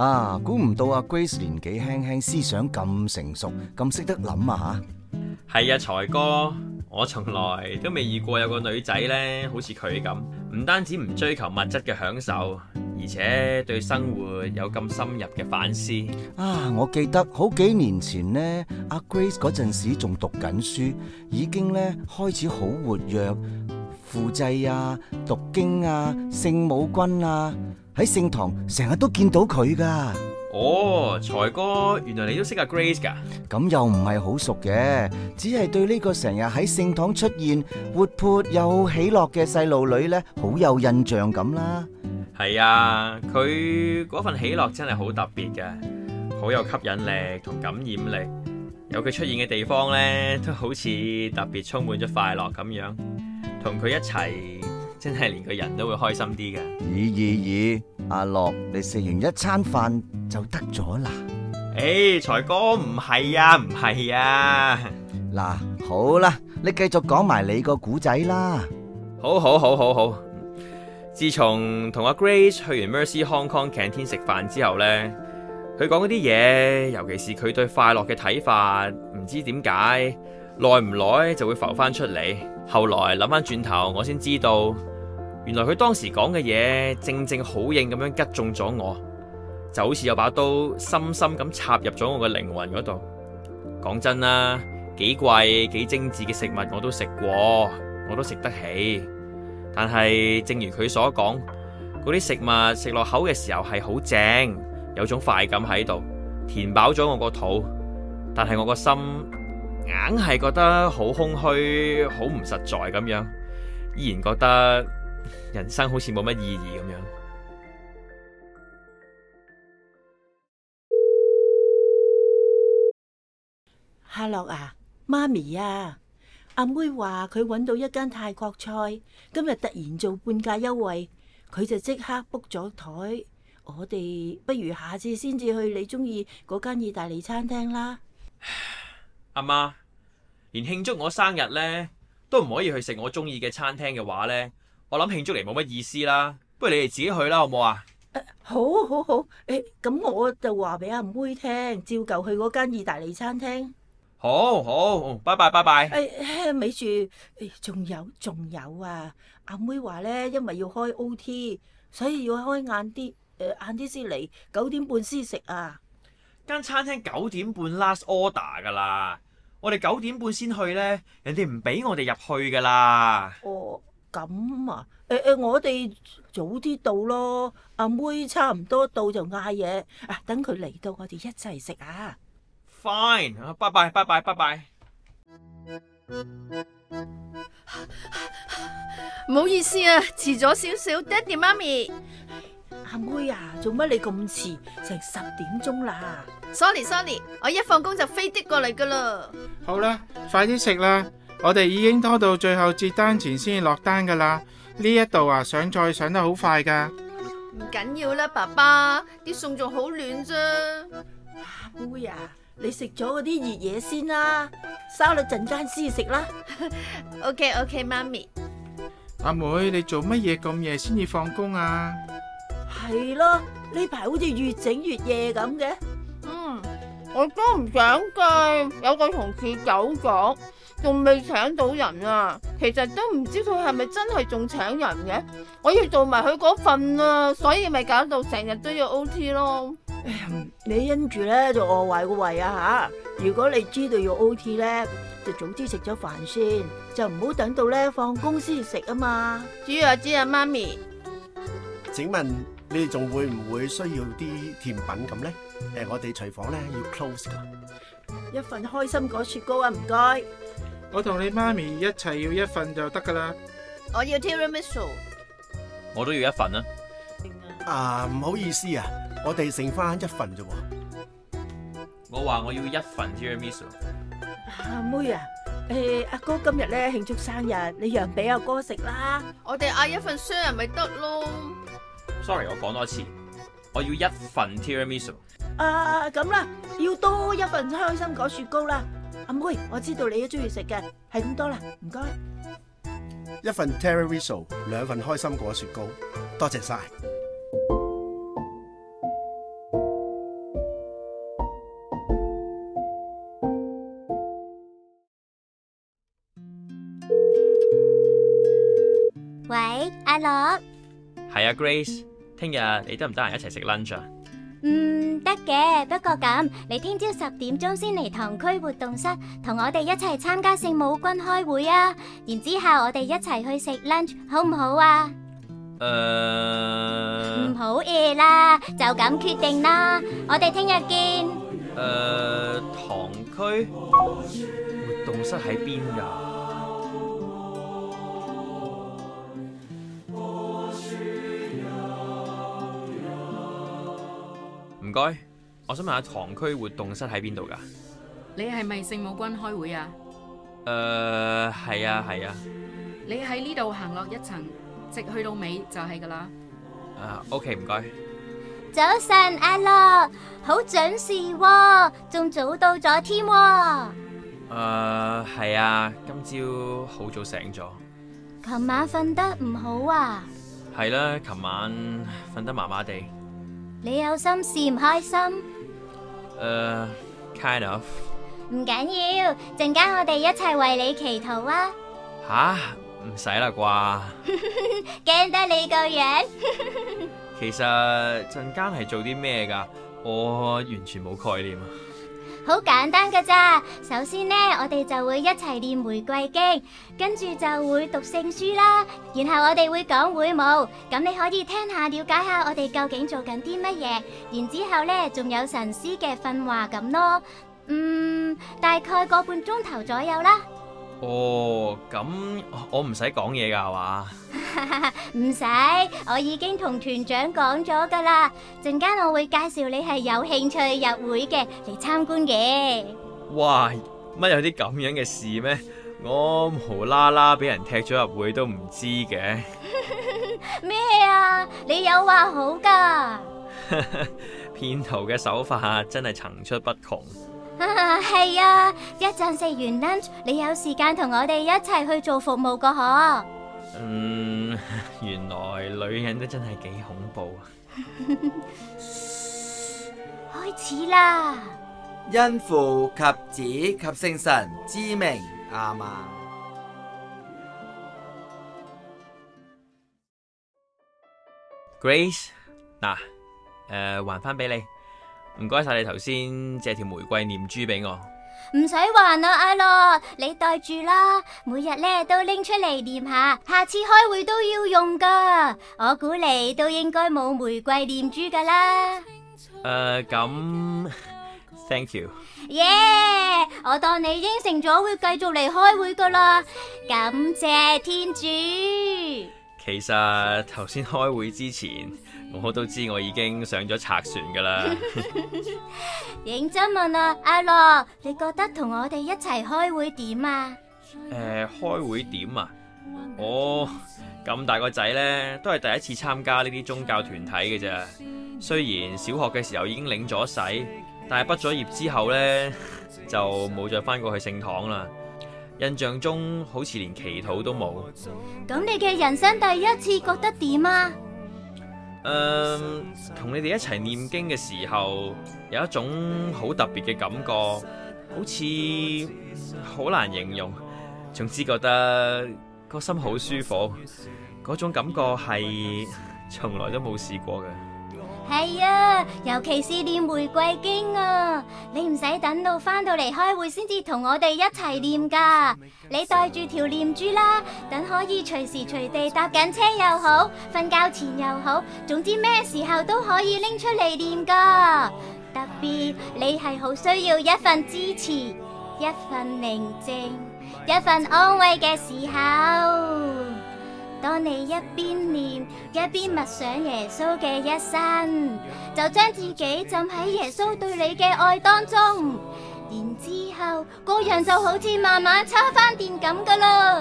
啊，估唔到阿 Grace 年紀輕輕，思想咁成熟，咁識得諗啊吓！係啊，財哥，我從來都未遇過有個女仔呢，好似佢咁，唔單止唔追求物質嘅享受，而且對生活有咁深入嘅反思。啊，我記得好幾年前呢，阿 Grace 嗰陣時仲讀緊書，已經呢開始好活躍。輔祭啊，讀經啊，聖母軍啊，喺聖堂成日都見到佢噶。哦，財哥，原來你都識阿 Grace 噶？咁又唔係好熟嘅，只係對呢個成日喺聖堂出現、活潑又喜樂嘅細路女呢，好有印象咁啦。係啊，佢嗰份喜樂真係好特別嘅，好有吸引力同感染力。有佢出現嘅地方呢，都好似特別充滿咗快樂咁樣。同佢一齊，真係連個人都會開心啲噶。咦咦咦，阿樂你食完一餐飯就得咗啦？誒、哎，財哥唔係啊，唔係啊。嗱，好啦，你繼續講埋你個古仔啦。好好好好好。自從同阿 Grace 去完 Mercy Hong Kong Canteen 食飯之後咧，佢講嗰啲嘢，尤其是佢對快樂嘅睇法，唔知點解，耐唔耐就會浮翻出嚟。後來諗翻轉頭，我先知道原來佢當時講嘅嘢正正好應咁樣擊中咗我，就好似有把刀深深咁插入咗我嘅靈魂嗰度。講真啦，幾貴幾精緻嘅食物我都食過，我都食得起。但係正如佢所講，嗰啲食物食落口嘅時候係好正，有種快感喺度，填飽咗我個肚。但係我個心硬係覺得好空虛，好唔實在咁樣，依然覺得人生好似冇乜意義咁樣。哈洛啊，媽咪啊，阿妹話佢揾到一間泰國菜，今日突然做半價優惠，佢就即刻 book 咗台。我哋不如下次先至去你中意嗰間意大利餐廳啦。阿媽。連慶祝我生日咧都唔可以去食我中意嘅餐廳嘅話咧，我諗慶祝嚟冇乜意思啦。不如你哋自己去啦，好唔好啊？好好好，誒咁我就話俾阿妹聽，照舊去嗰間意大利餐廳。好好，拜拜拜拜。誒尾住，哎仲有仲有啊！阿妹話咧，因為要開 OT，所以要開晏啲，誒晏啲先嚟，九點半先食啊。間餐廳九點半 last order 㗎啦。我哋九點半先去咧，人哋唔俾我哋入去噶啦。哦，咁啊，誒誒，我哋早啲到咯。阿妹差唔多到就嗌嘢，等佢嚟到我哋一齊食啊。Fine，拜拜拜拜拜拜。唔好意思啊，遲咗少少，爹哋媽咪。.阿妹啊，做乜你咁遲？成十點鐘啦！Sorry，Sorry，我一放工就飛的過嚟噶啦。好啦，快啲食啦！我哋已經拖到最後截單前先落單噶啦。呢一度啊，上菜上得好快噶。唔緊要啦，爸爸，啲餸仲好暖啫。阿妹啊，你食咗嗰啲熱嘢先啦，沙律陣間先食啦。OK，OK，媽咪。阿妹，你做乜嘢咁夜先至放工啊？係咯，呢排好似越整越夜咁嘅。嗯，我都唔想計，有個同事走咗，仲未請到人啊。其實都唔知佢係咪真係仲請人嘅。我要做埋佢嗰份啊，所以咪搞到成日都要 O T 咯。哎呀，你因住咧就餓壞個胃啊吓！如果你知道要 O T 咧，就早啲食咗飯先，就唔好等到咧放公司食啊嘛。知啊知啊，媽咪，請問，你哋仲會唔會需要啲甜品咁咧？誒，我哋廚房咧要 close 噶。一份開心果雪糕啊，唔該。我同你媽咪一齊要一份就得噶啦。我要 Tiramisu。我都要一份啦。啊，唔好意思啊，我哋剩翻一份啫。我話我要一份 Tiramisu。阿妹啊，誒，阿哥今日咧慶祝生日，你讓俾阿哥食啦。我哋嗌一份 share 咪得咯。Sorry，我講多次，我要一份 tiramisu。啊，咁啦，要多一份開心果雪糕啦。阿妹，我知道你都中意食嘅，係咁多啦，唔該。一份 tiramisu，兩份開心果雪糕，多謝晒。喂，阿樂。係啊，Grace。聽日你得唔得閒一齊食 lunch 啊？嗯，得嘅，不過咁，你聽朝十點鐘先嚟堂區活動室同我哋一齊參加聖母軍開會啊！然之後我哋一齊去食 lunch，好唔好啊？誒，唔好嘢啦，就咁決定啦，我哋聽日見。誒，堂區活動室喺邊噶？唔該，我想問下堂區活動室喺邊度噶？你係咪聖母軍開會啊？誒、呃，係啊係啊。你喺呢度行落一層，直去到尾就係噶啦。啊，OK，唔該。早晨，阿、啊、樂，好準時喎、哦，仲早到咗添。誒、呃，係啊，今朝好早醒咗。琴晚瞓得唔好啊？係啦、啊，琴晚瞓得麻麻地。你有心事唔開心？誒，uh, kind of。唔緊要，陣間我哋一齊為你祈禱啊！吓，唔使啦啩。驚得你個樣。 其實陣間係做啲咩噶？我完全冇概念啊。好簡單㗎咋，首先呢，我哋就會一齊念玫瑰經，跟住就會讀聖書啦，然後我哋會講會務，咁你可以聽下了解下我哋究竟做緊啲乜嘢，然之後呢仲有神師嘅訓話咁咯，嗯，大概個半鐘頭左右啦。哦、oh，咁我唔使講嘢噶係嘛？唔使，我已經同團長講咗噶啦。陣間我會介紹你係有興趣入會嘅嚟參觀嘅。哇，乜有啲咁樣嘅事咩？我無啦啦俾人踢咗入會都唔知嘅。咩 啊？你有話好噶？騙徒嘅手法真係層出不窮。係啊，一陣食完 lunch，你有時間同我哋一齊去做服務個可？嗯，原來女人都真係幾恐怖啊！ 開始啦，因父及子及聖神之名阿們 Grace，嗱、啊，誒、呃，還返俾你。唔該晒你頭先借條玫瑰念珠俾我。唔使還啦，阿樂，你袋住啦，每日咧都拎出嚟念下，下次開會都要用噶，我估你都應該冇玫瑰念珠噶啦。誒，呃，咁，thank you，耶、yeah，我當你應承咗會繼續嚟開會噶啦，感謝天主。其實頭先開會之前，我都知道我已經上咗賊船噶啦。 認真問啊，阿樂，你覺得同我哋一齊開會點啊？誒、呃，開會點啊？我、oh, 咁大個仔咧，都係第一次參加呢啲宗教團體嘅啫。雖然小學嘅時候已經領咗洗，但係畢咗業之後咧，就冇再翻過去聖堂啦。印象中好似連祈禱都冇。咁你嘅人生第一次覺得點啊？嗯、呃，同你哋一齊念經嘅時候，有一種好特別嘅感覺，好似好難形容。總之覺得個心好舒服，嗰種感覺係從來都冇試過嘅。係啊，尤其是念玫瑰經啊，你唔使等到返到嚟開會先至同我哋一齊念噶。你帶住條念珠啦，等可以隨時隨地搭緊車又好，瞓覺前又好，總之咩時候都可以拎出嚟念噶。特別你係好需要一份支持、一份寧靜、一份安慰嘅時候。當你一邊念一邊默想耶穌嘅一生，就將自己浸喺耶穌對你嘅愛當中，然之後個人就好似慢慢插翻電咁噶啦。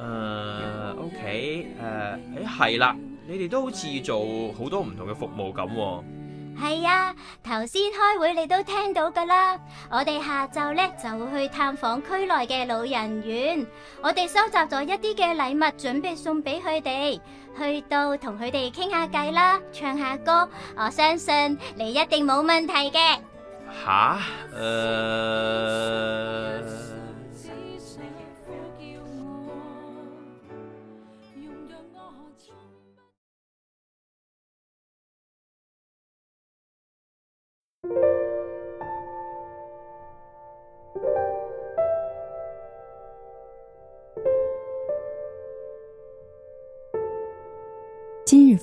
誒、uh，OK，誒、uh, 哎，係啦，你哋都好似做好多唔同嘅服務咁。係呀、啊，頭先開會你都聽到噶啦。我哋下晝呢就會去探訪區內嘅老人院，我哋收集咗一啲嘅禮物，準備送俾佢哋。去到同佢哋傾下偈啦，唱下歌。我相信你一定冇問題嘅。吓，呃。